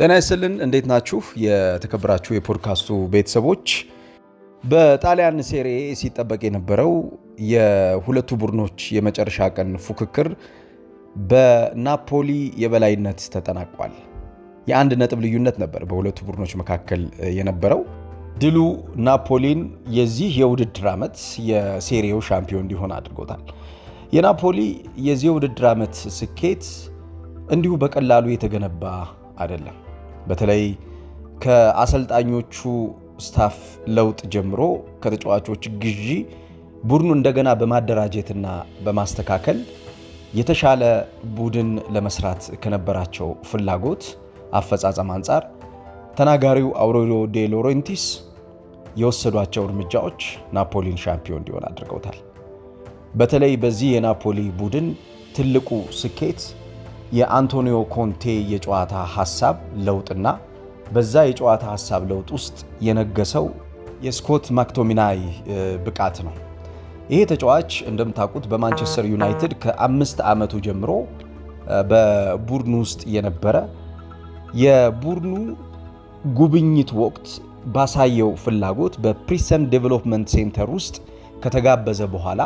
ጤና ይስጥልን እንዴት ናችሁ? የተከበራችሁ የፖድካስቱ ቤተሰቦች በጣሊያን ሴሬ ሲጠበቅ የነበረው የሁለቱ ቡድኖች የመጨረሻ ቀን ፉክክር በናፖሊ የበላይነት ተጠናቋል። የአንድ ነጥብ ልዩነት ነበር በሁለቱ ቡድኖች መካከል የነበረው። ድሉ ናፖሊን የዚህ የውድድር ዓመት የሴሪው ሻምፒዮን እንዲሆን አድርጎታል። የናፖሊ የዚህ የውድድር ዓመት ስኬት እንዲሁ በቀላሉ የተገነባ አይደለም። በተለይ ከአሰልጣኞቹ ስታፍ ለውጥ ጀምሮ ከተጫዋቾች ግዢ ቡድኑ እንደገና በማደራጀትና በማስተካከል የተሻለ ቡድን ለመስራት ከነበራቸው ፍላጎት አፈጻጸም አንጻር ተናጋሪው አውሬሊዮ ዴ ሎሬንቲስ የወሰዷቸው እርምጃዎች ናፖሊን ሻምፒዮን እንዲሆን አድርገውታል። በተለይ በዚህ የናፖሊ ቡድን ትልቁ ስኬት የአንቶኒዮ ኮንቴ የጨዋታ ሐሳብ ለውጥና በዛ የጨዋታ ሐሳብ ለውጥ ውስጥ የነገሰው የስኮት ማክቶሚናይ ብቃት ነው። ይሄ ተጫዋች እንደምታውቁት በማንቸስተር ዩናይትድ ከአምስት ዓመቱ ጀምሮ በቡድኑ ውስጥ የነበረ የቡድኑ ጉብኝት ወቅት ባሳየው ፍላጎት በፕሪሰን ዴቨሎፕመንት ሴንተር ውስጥ ከተጋበዘ በኋላ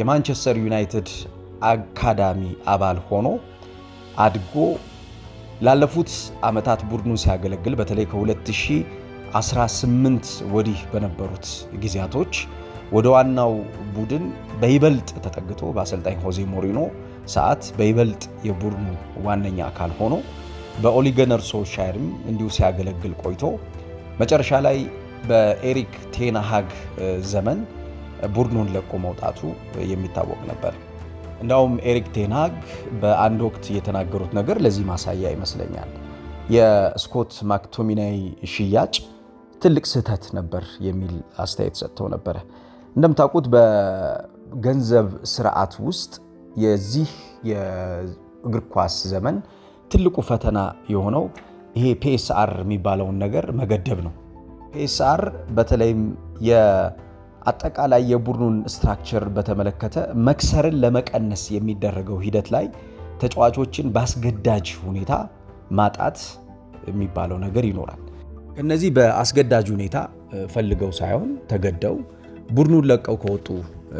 የማንቸስተር ዩናይትድ አካዳሚ አባል ሆኖ አድጎ ላለፉት ዓመታት ቡድኑ ሲያገለግል በተለይ ከ2018 ወዲህ በነበሩት ጊዜያቶች ወደ ዋናው ቡድን በይበልጥ ተጠግቶ በአሰልጣኝ ሆዜ ሞሪኖ ሰዓት በይበልጥ የቡድኑ ዋነኛ አካል ሆኖ በኦሊገነር ሶልሻየርም እንዲሁ ሲያገለግል ቆይቶ መጨረሻ ላይ በኤሪክ ቴናሃግ ዘመን ቡድኑን ለቆ መውጣቱ የሚታወቅ ነበር። እንዳውም ኤሪክ ቴናግ በአንድ ወቅት የተናገሩት ነገር ለዚህ ማሳያ ይመስለኛል። የስኮት ማክቶሚናይ ሽያጭ ትልቅ ስህተት ነበር የሚል አስተያየት ሰጥተው ነበረ። እንደምታውቁት በገንዘብ ስርዓት ውስጥ የዚህ የእግር ኳስ ዘመን ትልቁ ፈተና የሆነው ይሄ ፒኤስአር የሚባለውን ነገር መገደብ ነው። ፒኤስአር በተለይም አጠቃላይ የቡድኑን ስትራክቸር በተመለከተ መክሰርን ለመቀነስ የሚደረገው ሂደት ላይ ተጫዋቾችን በአስገዳጅ ሁኔታ ማጣት የሚባለው ነገር ይኖራል። ከነዚህ በአስገዳጅ ሁኔታ ፈልገው ሳይሆን ተገደው ቡድኑን ለቀው ከወጡ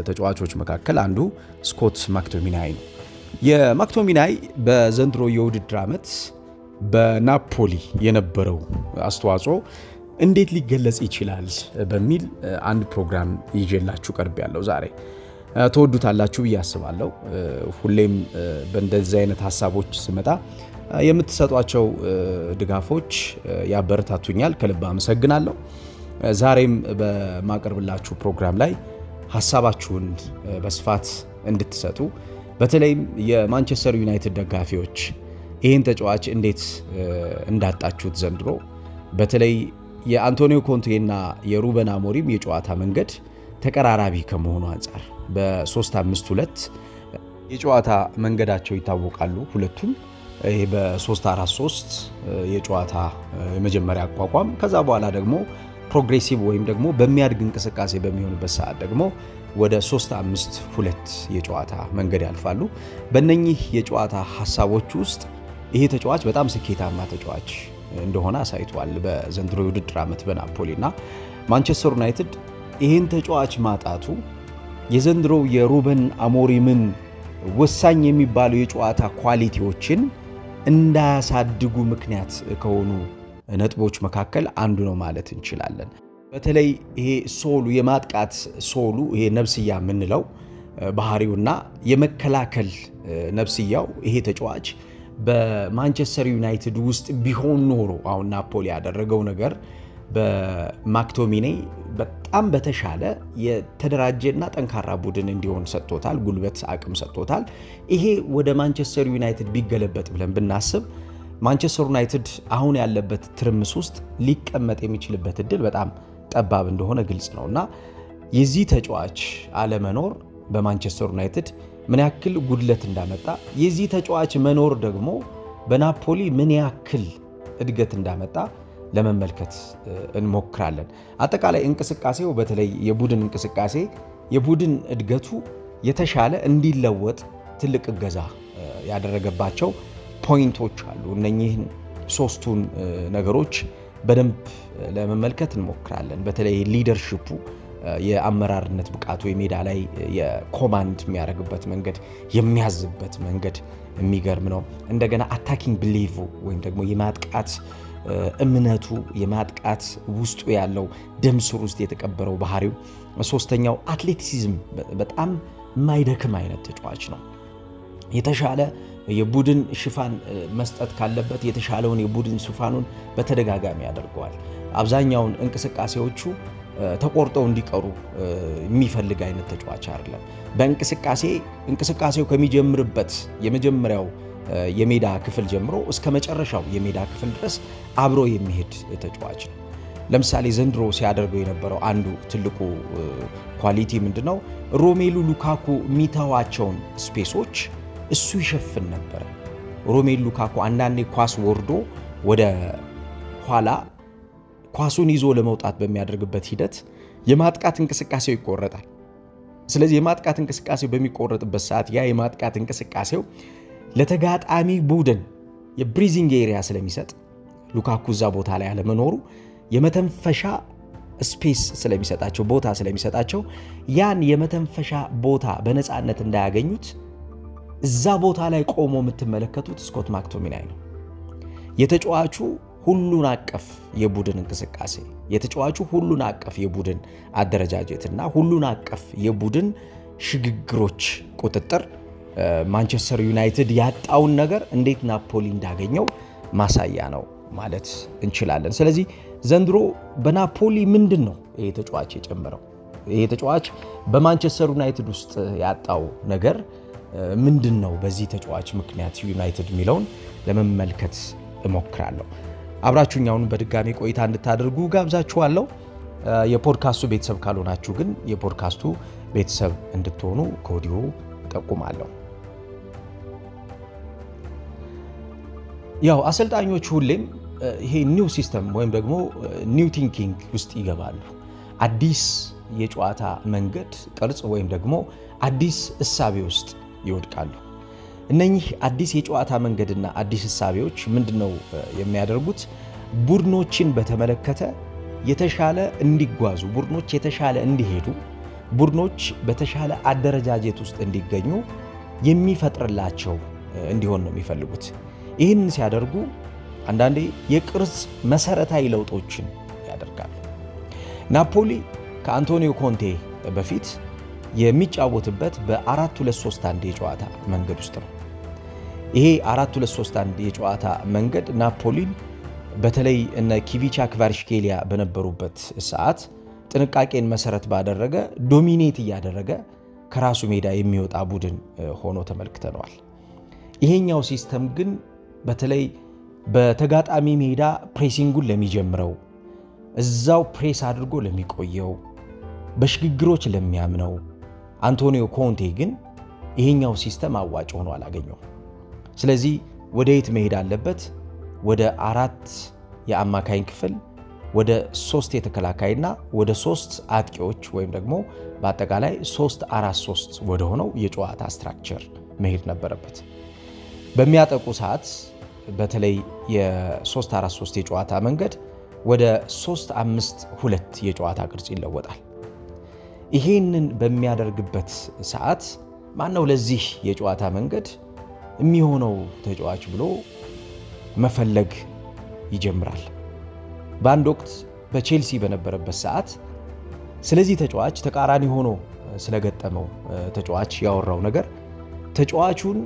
ተጫዋቾች መካከል አንዱ ስኮት ማክቶሚናይ ነው። የማክቶሚናይ በዘንድሮ የውድድር ዓመት በናፖሊ የነበረው አስተዋጽኦ እንዴት ሊገለጽ ይችላል በሚል አንድ ፕሮግራም ይዤላችሁ ቀርብ ያለው ዛሬ ተወዱታላችሁ ብዬ አስባለሁ። ሁሌም በእንደዚህ አይነት ሀሳቦች ስመጣ የምትሰጧቸው ድጋፎች ያበረታቱኛል። ከልብ አመሰግናለሁ። ዛሬም በማቀርብላችሁ ፕሮግራም ላይ ሀሳባችሁን በስፋት እንድትሰጡ በተለይም የማንቸስተር ዩናይትድ ደጋፊዎች ይህን ተጫዋች እንዴት እንዳጣችሁት ዘንድሮ በተለይ የአንቶኒዮ ኮንቴና የሩበን አሞሪም የጨዋታ መንገድ ተቀራራቢ ከመሆኑ አንጻር በ352 የጨዋታ መንገዳቸው ይታወቃሉ። ሁለቱም ይሄ በ343 የጨዋታ የመጀመሪያ አቋቋም ከዛ በኋላ ደግሞ ፕሮግሬሲቭ ወይም ደግሞ በሚያድግ እንቅስቃሴ በሚሆንበት ሰዓት ደግሞ ወደ 352 የጨዋታ መንገድ ያልፋሉ። በእነኚህ የጨዋታ ሀሳቦች ውስጥ ይሄ ተጫዋች በጣም ስኬታማ ተጫዋች እንደሆነ አሳይቷል። በዘንድሮ የውድድር ዓመት በናፖሊና ማንቸስተር ዩናይትድ ይህን ተጫዋች ማጣቱ የዘንድሮ የሩበን አሞሪምን ወሳኝ የሚባሉ የጨዋታ ኳሊቲዎችን እንዳያሳድጉ ምክንያት ከሆኑ ነጥቦች መካከል አንዱ ነው ማለት እንችላለን። በተለይ ይሄ ሶሉ የማጥቃት ሶሉ ይሄ ነብስያ የምንለው ባህሪውና የመከላከል ነብስያው ይሄ ተጫዋች በማንቸስተር ዩናይትድ ውስጥ ቢሆን ኖሮ አሁን ናፖሊ ያደረገው ነገር በማክቶሚኔ በጣም በተሻለ የተደራጀና ጠንካራ ቡድን እንዲሆን ሰጥቶታል። ጉልበት አቅም ሰጥቶታል። ይሄ ወደ ማንቸስተር ዩናይትድ ቢገለበጥ ብለን ብናስብ ማንቸስተር ዩናይትድ አሁን ያለበት ትርምስ ውስጥ ሊቀመጥ የሚችልበት እድል በጣም ጠባብ እንደሆነ ግልጽ ነው እና የዚህ ተጫዋች አለመኖር በማንቸስተር ዩናይትድ ምን ያክል ጉድለት እንዳመጣ የዚህ ተጫዋች መኖር ደግሞ በናፖሊ ምን ያክል እድገት እንዳመጣ ለመመልከት እንሞክራለን። አጠቃላይ እንቅስቃሴው በተለይ የቡድን እንቅስቃሴ የቡድን እድገቱ የተሻለ እንዲለወጥ ትልቅ እገዛ ያደረገባቸው ፖይንቶች አሉ። እነኚህን ሶስቱን ነገሮች በደንብ ለመመልከት እንሞክራለን። በተለይ ሊደርሽፑ የአመራርነት ብቃቱ የሜዳ ላይ የኮማንድ የሚያደርግበት መንገድ የሚያዝበት መንገድ የሚገርም ነው። እንደገና አታኪንግ ብሌቭ ወይም ደግሞ የማጥቃት እምነቱ የማጥቃት ውስጡ ያለው ደም ስር ውስጥ የተቀበረው ባህሪው። ሶስተኛው አትሌቲሲዝም፣ በጣም የማይደክም አይነት ተጫዋች ነው። የተሻለ የቡድን ሽፋን መስጠት ካለበት የተሻለውን የቡድን ሽፋኑን በተደጋጋሚ ያደርገዋል። አብዛኛውን እንቅስቃሴዎቹ ተቆርጠው እንዲቀሩ የሚፈልግ አይነት ተጫዋች አይደለም። በእንቅስቃሴ እንቅስቃሴው ከሚጀምርበት የመጀመሪያው የሜዳ ክፍል ጀምሮ እስከ መጨረሻው የሜዳ ክፍል ድረስ አብሮ የሚሄድ ተጫዋች ነው። ለምሳሌ ዘንድሮ ሲያደርገው የነበረው አንዱ ትልቁ ኳሊቲ ምንድነው ነው? ሮሜሉ ሉካኩ የሚተዋቸውን ስፔሶች እሱ ይሸፍን ነበረ። ሮሜሉ ሉካኩ አንዳንዴ ኳስ ወርዶ ወደ ኋላ ኳሱን ይዞ ለመውጣት በሚያደርግበት ሂደት የማጥቃት እንቅስቃሴው ይቆረጣል። ስለዚህ የማጥቃት እንቅስቃሴው በሚቆረጥበት ሰዓት ያ የማጥቃት እንቅስቃሴው ለተጋጣሚ ቡድን የብሪዚንግ ኤሪያ ስለሚሰጥ ሉካኩ እዛ ቦታ ላይ አለመኖሩ የመተንፈሻ ስፔስ ስለሚሰጣቸው ቦታ ስለሚሰጣቸው ያን የመተንፈሻ ቦታ በነፃነት እንዳያገኙት እዛ ቦታ ላይ ቆሞ የምትመለከቱት ስኮት ማክቶሚናይ ነው። የተጫዋቹ ሁሉን አቀፍ የቡድን እንቅስቃሴ የተጫዋቹ ሁሉን አቀፍ የቡድን አደረጃጀት እና ሁሉን አቀፍ የቡድን ሽግግሮች ቁጥጥር ማንቸስተር ዩናይትድ ያጣውን ነገር እንዴት ናፖሊ እንዳገኘው ማሳያ ነው ማለት እንችላለን። ስለዚህ ዘንድሮ በናፖሊ ምንድን ነው ይሄ ተጫዋች የጨመረው? ይሄ ተጫዋች በማንቸስተር ዩናይትድ ውስጥ ያጣው ነገር ምንድን ነው? በዚህ ተጫዋች ምክንያት ዩናይትድ የሚለውን ለመመልከት እሞክራለሁ። አብራችሁኝ አሁን በድጋሚ ቆይታ እንድታደርጉ ጋብዛችኋለሁ። የፖድካስቱ ቤተሰብ ካልሆናችሁ ግን የፖድካስቱ ቤተሰብ እንድትሆኑ ከወዲሁ ጠቁማለሁ። ያው አሰልጣኞች ሁሌም ይሄ ኒው ሲስተም ወይም ደግሞ ኒው ቲንኪንግ ውስጥ ይገባሉ። አዲስ የጨዋታ መንገድ ቅርጽ ወይም ደግሞ አዲስ እሳቤ ውስጥ ይወድቃሉ። እነኚህ አዲስ የጨዋታ መንገድና አዲስ እሳቤዎች ምንድነው የሚያደርጉት? ቡድኖችን በተመለከተ የተሻለ እንዲጓዙ፣ ቡድኖች የተሻለ እንዲሄዱ፣ ቡድኖች በተሻለ አደረጃጀት ውስጥ እንዲገኙ የሚፈጥርላቸው እንዲሆን ነው የሚፈልጉት። ይህን ሲያደርጉ አንዳንዴ የቅርጽ መሰረታዊ ለውጦችን ያደርጋሉ። ናፖሊ ከአንቶኒዮ ኮንቴ በፊት የሚጫወትበት በ4 2 የጨዋታ መንገድ ውስጥ ነው። ይሄ አራት ሁለት ሶስት አንድ የጨዋታ መንገድ ናፖሊን በተለይ እነ ኪቪቻ ክቫርሽኬሊያ በነበሩበት ሰዓት ጥንቃቄን መሰረት ባደረገ ዶሚኔት እያደረገ ከራሱ ሜዳ የሚወጣ ቡድን ሆኖ ተመልክተነዋል። ይሄኛው ሲስተም ግን በተለይ በተጋጣሚ ሜዳ ፕሬሲንጉን ለሚጀምረው እዛው ፕሬስ አድርጎ ለሚቆየው በሽግግሮች ለሚያምነው አንቶኒዮ ኮንቴ ግን ይሄኛው ሲስተም አዋጭ ሆኖ አላገኘውም። ስለዚህ ወደ የት መሄድ አለበት? ወደ አራት የአማካኝ ክፍል ወደ ሶስት የተከላካይና ወደ ሶስት አጥቂዎች ወይም ደግሞ በአጠቃላይ ሶስት አራት ሶስት ወደ ሆነው የጨዋታ ስትራክቸር መሄድ ነበረበት። በሚያጠቁ ሰዓት በተለይ የ አራት ሶስት የጨዋታ መንገድ ወደ 352 ሁለት የጨዋታ ቅርጽ ይለወጣል። ይሄንን በሚያደርግበት ሰዓት ማነው ለዚህ የጨዋታ መንገድ የሚሆነው ተጫዋች ብሎ መፈለግ ይጀምራል። በአንድ ወቅት በቼልሲ በነበረበት ሰዓት ስለዚህ ተጫዋች ተቃራኒ ሆኖ ስለገጠመው ተጫዋች ያወራው ነገር ተጫዋቹን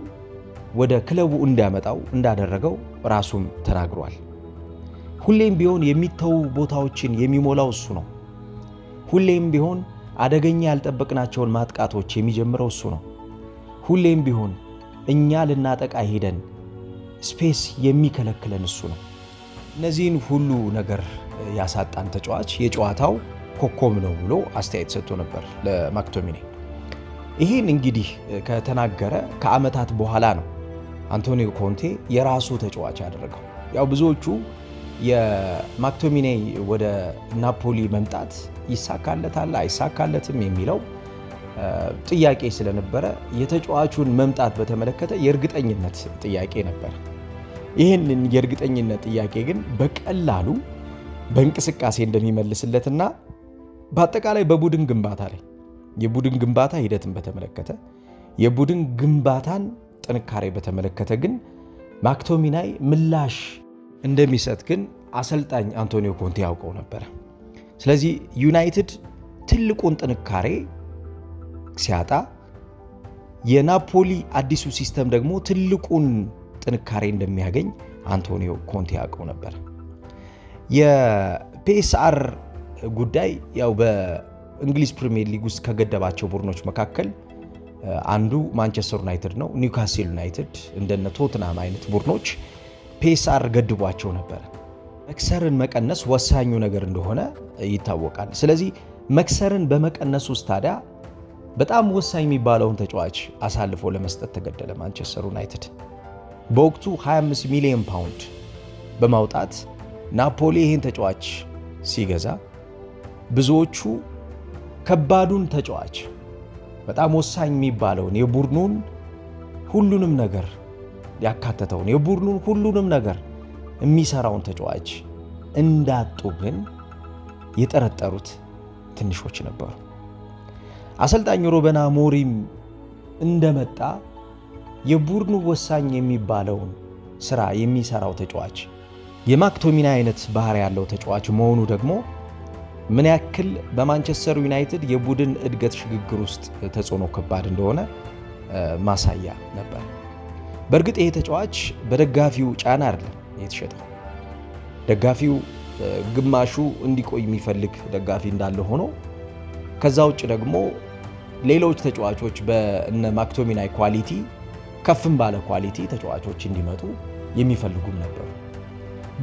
ወደ ክለቡ እንዲያመጣው እንዳደረገው ራሱም ተናግሯል። ሁሌም ቢሆን የሚተዉ ቦታዎችን የሚሞላው እሱ ነው። ሁሌም ቢሆን አደገኛ ያልጠበቅናቸውን ማጥቃቶች የሚጀምረው እሱ ነው። ሁሌም ቢሆን እኛ ልናጠቃ ሄደን ስፔስ የሚከለክለን እሱ ነው። እነዚህን ሁሉ ነገር ያሳጣን ተጫዋች የጨዋታው ኮከብ ነው ብሎ አስተያየት ሰጥቶ ነበር ለማክቶሚኔ። ይህን እንግዲህ ከተናገረ ከዓመታት በኋላ ነው አንቶኒዮ ኮንቴ የራሱ ተጫዋች ያደረገው። ያው ብዙዎቹ የማክቶሚኔ ወደ ናፖሊ መምጣት ይሳካለታል አይሳካለትም የሚለው ጥያቄ ስለነበረ የተጫዋቹን መምጣት በተመለከተ የእርግጠኝነት ጥያቄ ነበረ። ይህንን የእርግጠኝነት ጥያቄ ግን በቀላሉ በእንቅስቃሴ እንደሚመልስለትና በአጠቃላይ በቡድን ግንባታ ላይ የቡድን ግንባታ ሂደትን በተመለከተ የቡድን ግንባታን ጥንካሬ በተመለከተ ግን ማክቶሚናይ ምላሽ እንደሚሰጥ ግን አሰልጣኝ አንቶኒዮ ኮንቴ ያውቀው ነበረ። ስለዚህ ዩናይትድ ትልቁን ጥንካሬ ሲያጣ የናፖሊ አዲሱ ሲስተም ደግሞ ትልቁን ጥንካሬ እንደሚያገኝ አንቶኒዮ ኮንቴ ያውቀው ነበር። የፒኤስአር ጉዳይ ያው በእንግሊዝ ፕሪሚየር ሊግ ውስጥ ከገደባቸው ቡድኖች መካከል አንዱ ማንቸስተር ዩናይትድ ነው። ኒውካስል ዩናይትድ እንደነ ቶትናም አይነት ቡድኖች ፒኤስአር ገድቧቸው ነበር። መክሰርን መቀነስ ወሳኙ ነገር እንደሆነ ይታወቃል። ስለዚህ መክሰርን በመቀነስ ውስጥ ታዲያ በጣም ወሳኝ የሚባለውን ተጫዋች አሳልፎ ለመስጠት ተገደለ ማንቸስተር ዩናይትድ። በወቅቱ 25 ሚሊዮን ፓውንድ በማውጣት ናፖሊ ይህን ተጫዋች ሲገዛ ብዙዎቹ ከባዱን ተጫዋች በጣም ወሳኝ የሚባለውን የቡድኑን ሁሉንም ነገር ያካተተውን የቡድኑን ሁሉንም ነገር የሚሰራውን ተጫዋች እንዳጡ ግን የጠረጠሩት ትንሾች ነበሩ። አሰልጣኝ ሩበን አሞሪም እንደመጣ የቡድኑ ወሳኝ የሚባለውን ስራ የሚሰራው ተጫዋች የማክቶሚና አይነት ባህሪ ያለው ተጫዋች መሆኑ ደግሞ ምን ያክል በማንቸስተር ዩናይትድ የቡድን እድገት ሽግግር ውስጥ ተጽዕኖ ከባድ እንደሆነ ማሳያ ነበር። በእርግጥ ይሄ ተጫዋች በደጋፊው ጫና አይደለም የተሸጠው። ደጋፊው ግማሹ እንዲቆይ የሚፈልግ ደጋፊ እንዳለ ሆኖ ከዛ ውጭ ደግሞ ሌሎች ተጫዋቾች በእነ ማክቶሚናይ ኳሊቲ ከፍም ባለ ኳሊቲ ተጫዋቾች እንዲመጡ የሚፈልጉም ነበሩ።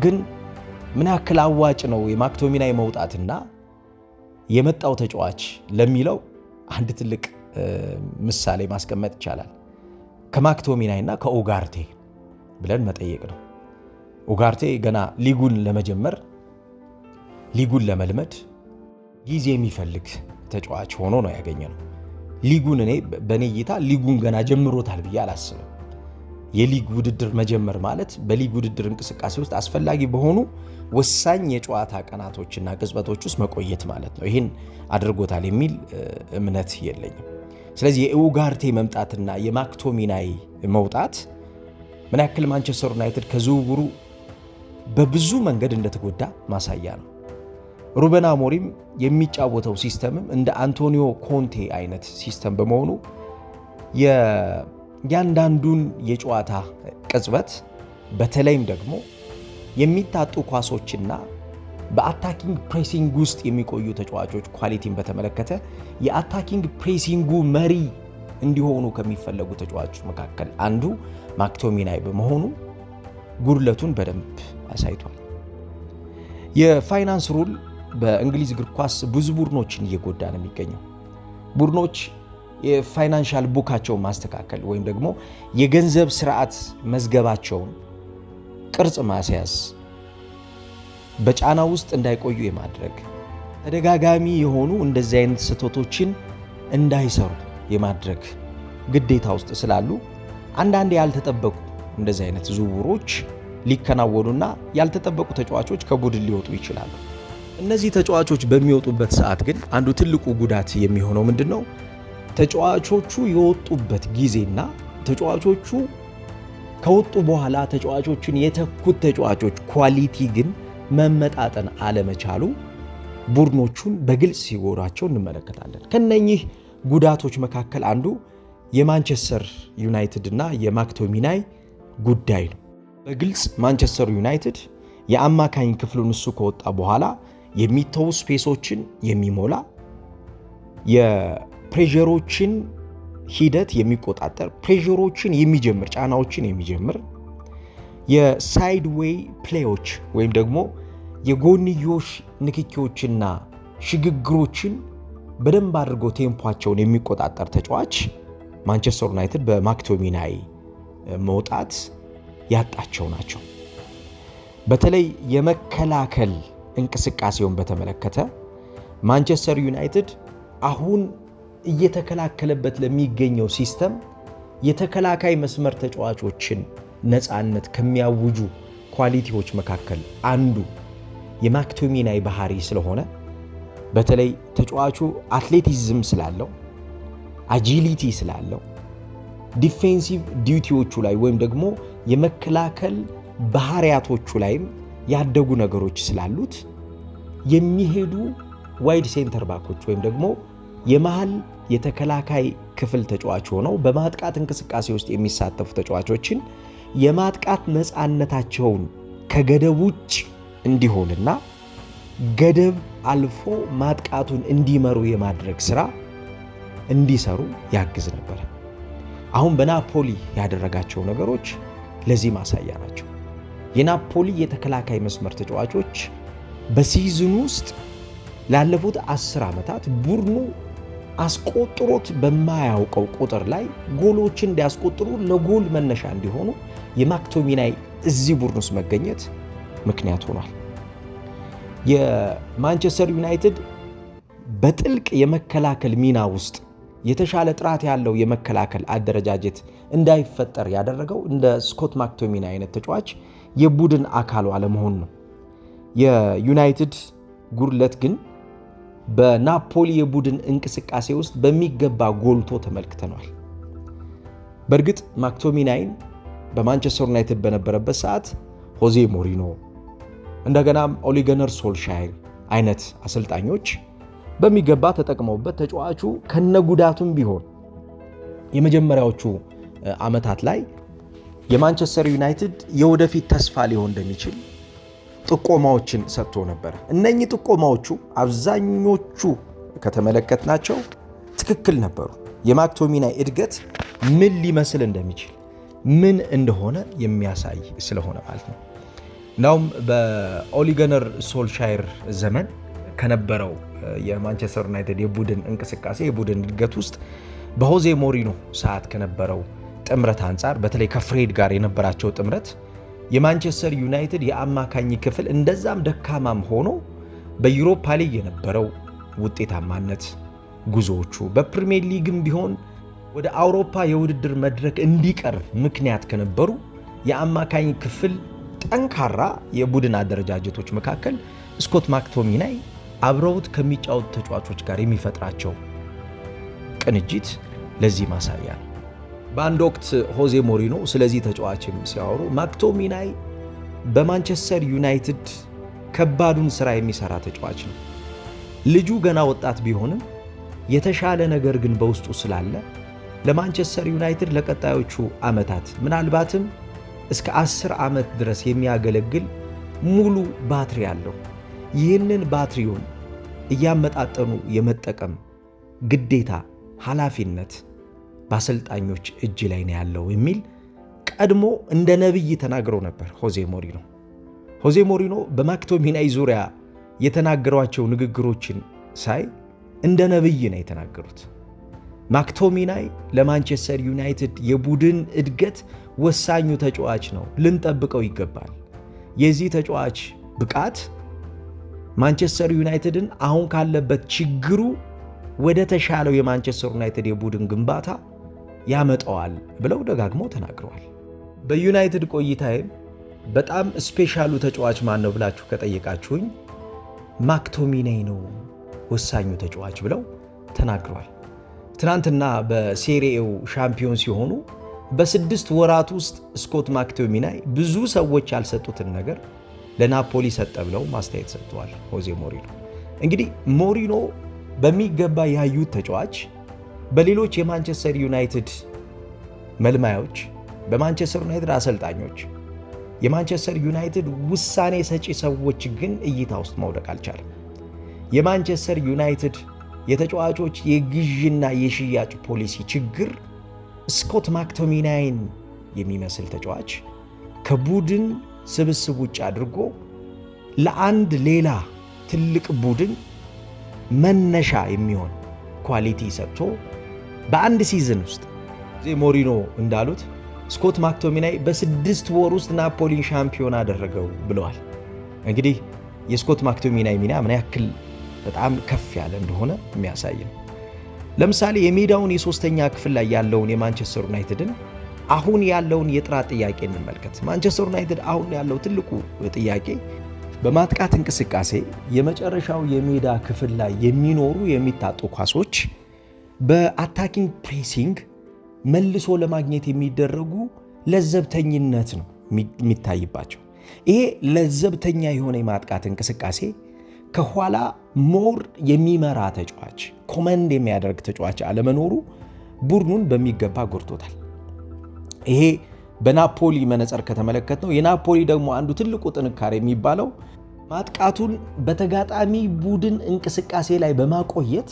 ግን ምን ያክል አዋጭ ነው የማክቶሚናይ መውጣትና የመጣው ተጫዋች ለሚለው አንድ ትልቅ ምሳሌ ማስቀመጥ ይቻላል። ከማክቶሚናይና ከኦጋርቴ ብለን መጠየቅ ነው። ኦጋርቴ ገና ሊጉን ለመጀመር ሊጉን ለመልመድ ጊዜ የሚፈልግ ተጫዋች ሆኖ ነው ያገኘ ነው። ሊጉን እኔ በእኔ እይታ ሊጉን ገና ጀምሮታል ብዬ አላስብም። የሊግ ውድድር መጀመር ማለት በሊግ ውድድር እንቅስቃሴ ውስጥ አስፈላጊ በሆኑ ወሳኝ የጨዋታ ቀናቶችና ቅጽበቶች ውስጥ መቆየት ማለት ነው። ይህን አድርጎታል የሚል እምነት የለኝም። ስለዚህ የኡጋርቴ መምጣትና የማክቶሚናይ መውጣት ምን ያክል ማንቸስተር ዩናይትድ ከዝውውሩ በብዙ መንገድ እንደተጎዳ ማሳያ ነው። ሩበን አሞሪም የሚጫወተው ሲስተምም እንደ አንቶኒዮ ኮንቴ አይነት ሲስተም በመሆኑ ያንዳንዱን የጨዋታ ቅጽበት በተለይም ደግሞ የሚታጡ ኳሶችና በአታኪንግ ፕሬሲንግ ውስጥ የሚቆዩ ተጫዋቾች ኳሊቲን በተመለከተ የአታኪንግ ፕሬሲንጉ መሪ እንዲሆኑ ከሚፈለጉ ተጫዋቾች መካከል አንዱ ማክቶሚናይ በመሆኑ ጉድለቱን በደንብ አሳይቷል። የፋይናንስ ሩል በእንግሊዝ እግር ኳስ ብዙ ቡድኖችን እየጎዳ ነው የሚገኘው። ቡድኖች የፋይናንሻል ቡካቸውን ማስተካከል ወይም ደግሞ የገንዘብ ስርዓት መዝገባቸውን ቅርጽ ማስያዝ፣ በጫና ውስጥ እንዳይቆዩ የማድረግ ተደጋጋሚ የሆኑ እንደዚህ አይነት ስህተቶችን እንዳይሰሩ የማድረግ ግዴታ ውስጥ ስላሉ አንዳንድ ያልተጠበቁ እንደዚህ አይነት ዝውውሮች ሊከናወኑና ያልተጠበቁ ተጫዋቾች ከቡድን ሊወጡ ይችላሉ። እነዚህ ተጫዋቾች በሚወጡበት ሰዓት ግን አንዱ ትልቁ ጉዳት የሚሆነው ምንድን ነው? ተጫዋቾቹ የወጡበት ጊዜና ተጫዋቾቹ ከወጡ በኋላ ተጫዋቾቹን የተኩት ተጫዋቾች ኳሊቲ ግን መመጣጠን አለመቻሉ ቡድኖቹን በግልጽ ሲጎዳቸው እንመለከታለን። ከነኚህ ጉዳቶች መካከል አንዱ የማንቸስተር ዩናይትድ እና የማክቶሚናይ ጉዳይ ነው። በግልጽ ማንቸስተር ዩናይትድ የአማካኝ ክፍሉን እሱ ከወጣ በኋላ የሚተዉ ስፔሶችን የሚሞላ የፕሬሮችን ሂደት የሚቆጣጠር ፕሬዠሮችን የሚጀምር ጫናዎችን የሚጀምር የሳይድ ፕሌዎች ወይም ደግሞ የጎንዮሽ ንክኪዎችና ሽግግሮችን በደንብ አድርጎ ቴምፖቸውን የሚቆጣጠር ተጫዋች ማንቸስተር ዩናይትድ በማክቶሚናይ መውጣት ያጣቸው ናቸው። በተለይ የመከላከል እንቅስቃሴውን በተመለከተ ማንቸስተር ዩናይትድ አሁን እየተከላከለበት ለሚገኘው ሲስተም የተከላካይ መስመር ተጫዋቾችን ነፃነት ከሚያውጁ ኳሊቲዎች መካከል አንዱ የማክቶሚናይ ባህሪ ስለሆነ በተለይ ተጫዋቹ አትሌቲዝም ስላለው አጂሊቲ ስላለው ዲፌንሲቭ ዲዩቲዎቹ ላይ ወይም ደግሞ የመከላከል ባህሪያቶቹ ላይም ያደጉ ነገሮች ስላሉት የሚሄዱ ዋይድ ሴንተር ባኮች ወይም ደግሞ የመሀል የተከላካይ ክፍል ተጫዋች ሆነው በማጥቃት እንቅስቃሴ ውስጥ የሚሳተፉ ተጫዋቾችን የማጥቃት ነፃነታቸውን ከገደብ ውጭ እንዲሆንና ገደብ አልፎ ማጥቃቱን እንዲመሩ የማድረግ ስራ እንዲሰሩ ያግዝ ነበር። አሁን በናፖሊ ያደረጋቸው ነገሮች ለዚህ ማሳያ ናቸው። የናፖሊ የተከላካይ መስመር ተጫዋቾች በሲዝኑ ውስጥ ላለፉት አስር ዓመታት ቡድኑ አስቆጥሮት በማያውቀው ቁጥር ላይ ጎሎችን እንዲያስቆጥሩ ለጎል መነሻ እንዲሆኑ የማክቶሚናይ እዚህ ቡድን ውስጥ መገኘት ምክንያት ሆኗል። የማንቸስተር ዩናይትድ በጥልቅ የመከላከል ሚና ውስጥ የተሻለ ጥራት ያለው የመከላከል አደረጃጀት እንዳይፈጠር ያደረገው እንደ ስኮት ማክቶሚን አይነት ተጫዋች የቡድን አካሉ አለመሆን ነው። የዩናይትድ ጉድለት ግን በናፖሊ የቡድን እንቅስቃሴ ውስጥ በሚገባ ጎልቶ ተመልክተኗል። በእርግጥ ማክቶሚናይን በማንቸስተር ዩናይትድ በነበረበት ሰዓት ሆዜ ሞሪኖ እንደገናም ኦሊገነር ሶልሻይር አይነት አሰልጣኞች በሚገባ ተጠቅመውበት ተጫዋቹ ከነጉዳቱም ቢሆን የመጀመሪያዎቹ ዓመታት ላይ የማንቸስተር ዩናይትድ የወደፊት ተስፋ ሊሆን እንደሚችል ጥቆማዎችን ሰጥቶ ነበር። እነኚህ ጥቆማዎቹ አብዛኞቹ ከተመለከትናቸው ትክክል ነበሩ። የማክቶሚናይ እድገት ምን ሊመስል እንደሚችል ምን እንደሆነ የሚያሳይ ስለሆነ ማለት ነው። እናውም በኦሊገነር ሶልሻየር ዘመን ከነበረው የማንቸስተር ዩናይትድ የቡድን እንቅስቃሴ የቡድን እድገት ውስጥ በሆዜ ሞሪኖ ሰዓት ከነበረው ጥምረት አንጻር በተለይ ከፍሬድ ጋር የነበራቸው ጥምረት የማንቸስተር ዩናይትድ የአማካኝ ክፍል እንደዛም ደካማም ሆኖ በዩሮፓ ሊግ የነበረው ውጤታማነት ጉዞዎቹ በፕሪሚየር ሊግም ቢሆን ወደ አውሮፓ የውድድር መድረክ እንዲቀርብ ምክንያት ከነበሩ የአማካኝ ክፍል ጠንካራ የቡድን አደረጃጀቶች መካከል ስኮት ማክቶሚናይ አብረውት ከሚጫወቱ ተጫዋቾች ጋር የሚፈጥራቸው ቅንጅት ለዚህ ማሳያ ነው። በአንድ ወቅት ሆዜ ሞሪኖ ስለዚህ ተጫዋችም ሲያወሩ ማክቶሚናይ በማንቸስተር ዩናይትድ ከባዱን ስራ የሚሰራ ተጫዋች ነው። ልጁ ገና ወጣት ቢሆንም የተሻለ ነገር ግን በውስጡ ስላለ ለማንቸስተር ዩናይትድ ለቀጣዮቹ ዓመታት ምናልባትም እስከ አስር ዓመት ድረስ የሚያገለግል ሙሉ ባትሪ አለው። ይህንን ባትሪውን እያመጣጠኑ የመጠቀም ግዴታ ኃላፊነት በአሰልጣኞች እጅ ላይ ነው ያለው የሚል ቀድሞ እንደ ነቢይ ተናግሮ ነበር ሆዜ ሞሪኖ። ሆዜ ሞሪኖ በማክቶሚናይ ዙሪያ የተናገሯቸው ንግግሮችን ሳይ እንደ ነቢይ ነው የተናገሩት። ማክቶሚናይ ለማንቸስተር ዩናይትድ የቡድን እድገት ወሳኙ ተጫዋች ነው፣ ልንጠብቀው ይገባል። የዚህ ተጫዋች ብቃት ማንቸስተር ዩናይትድን አሁን ካለበት ችግሩ ወደ ተሻለው የማንቸስተር ዩናይትድ የቡድን ግንባታ ያመጣዋል ብለው ደጋግመው ተናግረዋል። በዩናይትድ ቆይታዬም በጣም ስፔሻሉ ተጫዋች ማን ነው ብላችሁ ከጠየቃችሁኝ ማክቶሚናይ ነው ወሳኙ ተጫዋች ብለው ተናግረዋል። ትናንትና በሴሪኤው ሻምፒዮን ሲሆኑ በስድስት ወራት ውስጥ ስኮት ማክቶሚናይ ብዙ ሰዎች ያልሰጡትን ነገር ለናፖሊ ሰጠ ብለው ማስተያየት ሰጥተዋል ሆዜ ሞሪኖ። እንግዲህ ሞሪኖ በሚገባ ያዩት ተጫዋች በሌሎች የማንቸስተር ዩናይትድ መልማዮች፣ በማንቸስተር ዩናይትድ አሰልጣኞች፣ የማንቸስተር ዩናይትድ ውሳኔ ሰጪ ሰዎች ግን እይታ ውስጥ መውደቅ አልቻለም። የማንቸስተር ዩናይትድ የተጫዋቾች የግዥና የሽያጭ ፖሊሲ ችግር ስኮት ማክቶሚናይን የሚመስል ተጫዋች ከቡድን ስብስብ ውጭ አድርጎ ለአንድ ሌላ ትልቅ ቡድን መነሻ የሚሆን ኳሊቲ ሰጥቶ በአንድ ሲዝን ውስጥ ሞሪኖ እንዳሉት ስኮት ማክቶሚናይ በስድስት ወር ውስጥ ናፖሊን ሻምፒዮን አደረገው ብለዋል። እንግዲህ የስኮት ማክቶሚናይ ሚና ምን ያክል በጣም ከፍ ያለ እንደሆነ የሚያሳይ ነው። ለምሳሌ የሜዳውን የሶስተኛ ክፍል ላይ ያለውን የማንቸስተር ዩናይትድን አሁን ያለውን የጥራት ጥያቄ እንመልከት። ማንቸስተር ዩናይትድ አሁን ያለው ትልቁ ጥያቄ በማጥቃት እንቅስቃሴ የመጨረሻው የሜዳ ክፍል ላይ የሚኖሩ የሚታጡ ኳሶች በአታኪንግ ፕሬሲንግ መልሶ ለማግኘት የሚደረጉ ለዘብተኝነት ነው የሚታይባቸው። ይሄ ለዘብተኛ የሆነ የማጥቃት እንቅስቃሴ ከኋላ ሞር የሚመራ ተጫዋች፣ ኮመንድ የሚያደርግ ተጫዋች አለመኖሩ ቡድኑን በሚገባ ጎድቶታል። ይሄ በናፖሊ መነጽር ከተመለከት ነው። የናፖሊ ደግሞ አንዱ ትልቁ ጥንካሬ የሚባለው ማጥቃቱን በተጋጣሚ ቡድን እንቅስቃሴ ላይ በማቆየት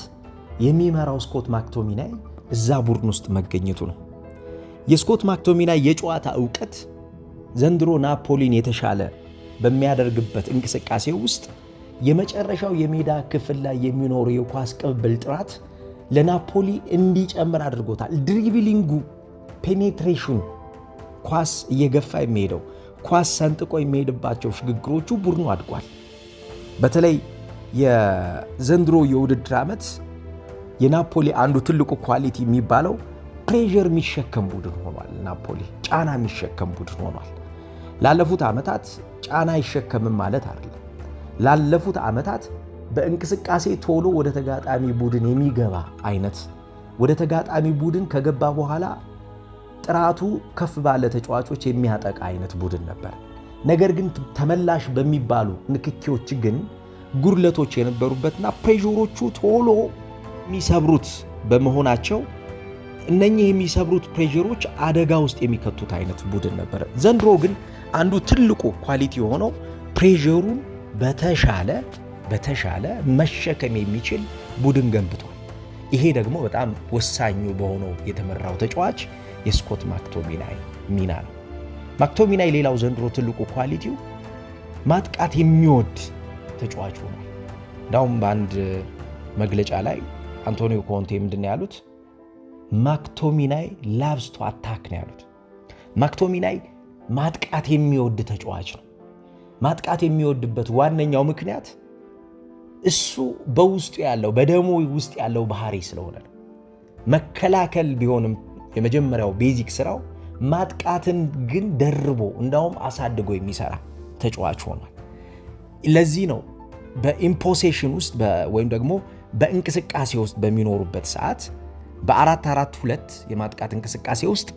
የሚመራው ስኮት ማክቶሚናይ እዛ ቡድን ውስጥ መገኘቱ ነው። የስኮት ማክቶሚናይ የጨዋታ እውቀት ዘንድሮ ናፖሊን የተሻለ በሚያደርግበት እንቅስቃሴ ውስጥ የመጨረሻው የሜዳ ክፍል ላይ የሚኖሩ የኳስ ቅብብል ጥራት ለናፖሊ እንዲጨምር አድርጎታል። ድሪቪሊንጉ ፔኔትሬሽኑ፣ ኳስ እየገፋ የሚሄደው ኳስ ሰንጥቆ የሚሄድባቸው ሽግግሮቹ ቡድኑ አድጓል። በተለይ የዘንድሮ የውድድር ዓመት የናፖሊ አንዱ ትልቁ ኳሊቲ የሚባለው ፕሬዠር የሚሸከም ቡድን ሆኗል። ናፖሊ ጫና የሚሸከም ቡድን ሆኗል። ላለፉት ዓመታት ጫና አይሸከምም ማለት አይደለም። ላለፉት ዓመታት በእንቅስቃሴ ቶሎ ወደ ተጋጣሚ ቡድን የሚገባ አይነት ወደ ተጋጣሚ ቡድን ከገባ በኋላ ጥራቱ ከፍ ባለ ተጫዋቾች የሚያጠቃ አይነት ቡድን ነበር። ነገር ግን ተመላሽ በሚባሉ ንክኪዎች ግን ጉድለቶች የነበሩበትና ፕሬሮቹ ቶሎ የሚሰብሩት በመሆናቸው እነኚህ የሚሰብሩት ፕሬሮች አደጋ ውስጥ የሚከቱት አይነት ቡድን ነበረ። ዘንድሮ ግን አንዱ ትልቁ ኳሊቲ የሆነው ፕሬሩን በተሻለ በተሻለ መሸከም የሚችል ቡድን ገንብቷል። ይሄ ደግሞ በጣም ወሳኙ በሆነው የተመራው ተጫዋች የስኮት ማክቶሚናይ ሚና ነው። ማክቶሚናይ ሌላው ዘንድሮ ትልቁ ኳሊቲው ማጥቃት የሚወድ ተጫዋች ሆኗል። እንዳውም በአንድ መግለጫ ላይ አንቶኒዮ ኮንቴ ምንድን ነው ያሉት? ማክቶሚናይ ላቭስ ቱ አታክ ነው ያሉት። ማክቶሚናይ ማጥቃት የሚወድ ተጫዋች ነው። ማጥቃት የሚወድበት ዋነኛው ምክንያት እሱ በውስጡ ያለው በደሞ ውስጥ ያለው ባህሪ ስለሆነ ነው። መከላከል ቢሆንም የመጀመሪያው ቤዚክ ስራው ማጥቃትን ግን ደርቦ እንዳውም አሳድጎ የሚሰራ ተጫዋች ሆኗል። ለዚህ ነው በኢምፖሴሽን ውስጥ ወይም ደግሞ በእንቅስቃሴ ውስጥ በሚኖሩበት ሰዓት በአራት አራት ሁለት የማጥቃት እንቅስቃሴ ውስጥ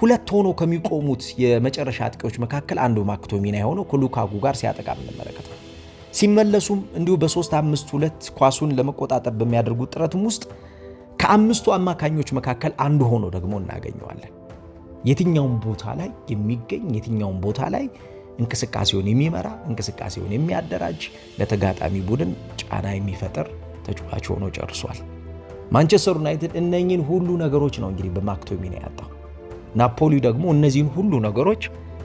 ሁለት ሆኖ ከሚቆሙት የመጨረሻ አጥቂዎች መካከል አንዱ ማክቶሚና የሆነው ከሉካጉ ጋር ሲያጠቃ እንመለከታል። ሲመለሱም እንዲሁ በሶስት አምስት ሁለት ኳሱን ለመቆጣጠር በሚያደርጉት ጥረትም ውስጥ ከአምስቱ አማካኞች መካከል አንዱ ሆኖ ደግሞ እናገኘዋለን። የትኛውን ቦታ ላይ የሚገኝ የትኛውን ቦታ ላይ እንቅስቃሴውን የሚመራ እንቅስቃሴውን የሚያደራጅ ለተጋጣሚ ቡድን ጫና የሚፈጥር ተጫዋች ሆኖ ጨርሷል። ማንቸስተር ዩናይትድ እነኚህን ሁሉ ነገሮች ነው እንግዲህ በማክቶሚና ያጣው። ናፖሊ ደግሞ እነዚህን ሁሉ ነገሮች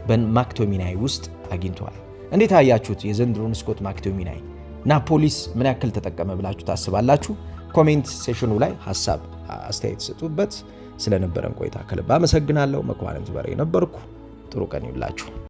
በማክቶሚናይ ውስጥ አግኝተዋል። እንዴት አያችሁት የዘንድሮን ስኮት ማክቶሚናይ? ናፖሊስ ምን ያክል ተጠቀመ ብላችሁ ታስባላችሁ? ኮሜንት ሴሽኑ ላይ ሀሳብ አስተያየት ስጡበት። ስለነበረን ቆይታ ከልብ አመሰግናለሁ። መኳንንት በርሄ ነበርኩ። ጥሩ ቀን ይውላችሁ።